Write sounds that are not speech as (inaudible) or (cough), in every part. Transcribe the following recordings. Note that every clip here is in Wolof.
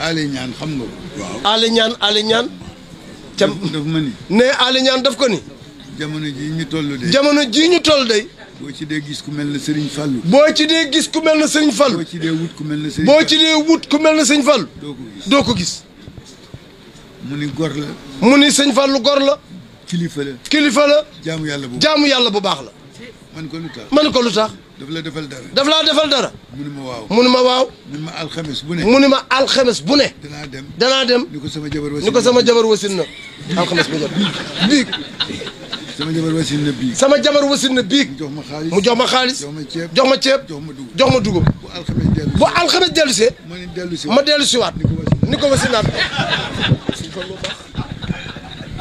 Aly Niane xam nga ko. waaw Aly Niane Aly ca daf ma ni. ne Aly Niane daf ko ni. jamono jii ñu toll de. jamono ji ñu toll day boo ci dee gis ku mel ne Serigne Fallou. boo ci dee gis ku mel ne Serigne ci dee wut ku mel ne Serigne boo ci wut ku mel ne Serigne Fallou. doo ko gis doo ko gis. mu ni gor la. mu ni Serigne Fallou gor la. kilifa la kilifa la. yàlla bu baax yàlla bu baax la. man ko lu tax man ko lu tax. daf la defal dara daf laa defal dara. munuma waaw munuma waaw. munuma alxames bu ne. munuma alxames bu ne. danaa dem danaa dem. ni ko sama jabar wasin na ni ko sama jabar wasin na alxames bu jot biig. sama jabar wasin na biig. sama jabar wasin na biig. mu jox ma xaalis mu jox ma xaalis. jox ma ceeb jox ma ceeb. jox ma dugub jox ma dugub. bu alxames dellu bu alxames dellu see. ma dellu si waat ma dellu si waat. ni ko wasinaat. (laughs)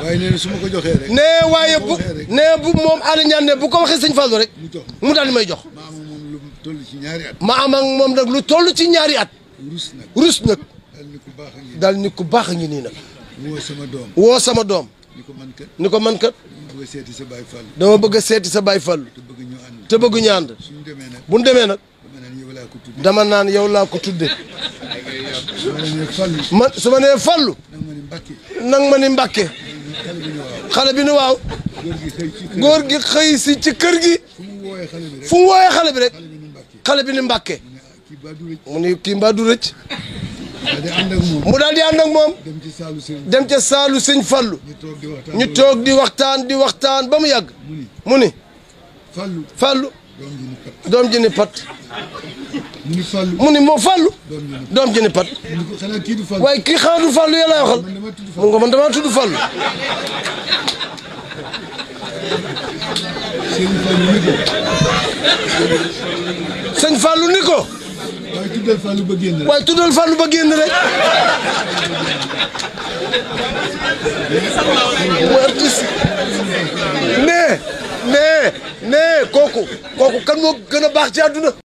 waaye nee su ma ko joxee rek. nee waaye bu nee bu moom Aly ñaan ne bu ko waxee sëñ Fallou rek. mu daal ni may jox. ma am moom lu toll ci ñaari at. ma am moom nag lu toll ci ñaari at. rus nag rus daal ni ku baax a ngi nii woo sama doom woo sama doom. ni ko man kat ni ko man kat. dama bëgg a seeti sa baay Fallou. dama bëgg seeti sa baay Fallou. te bëgg ñu ànd te bëgg ñu ànd. suñu demee nag bu ñu demee nag. dama naan yow laa ko tudde man su ma nee Fallou. nang ma ni Mbàkke. ma ni Mbàkke. xale bi ni waaw góor gi xëy si ci kër gi fu xale bi rek xale bi ni mbàkke mu ni kii mbaa du rëcc mu daal di ànd ak moom dem ca saalu sëñ Fallu ñu toog di waxtaan di waxtaan ba mu yàgg mu ni doom ji ni pat mu ni moo fàllu doom ji ni pat waaye kii xanaa du fàllu yàlla mu nga man damaa tudd fàllu sëñ fàllu ni ko waaye tuddal fàllu ba rek waaye tuddal fàllu ba mais mais kooku kooku kan moo gën a baax ci na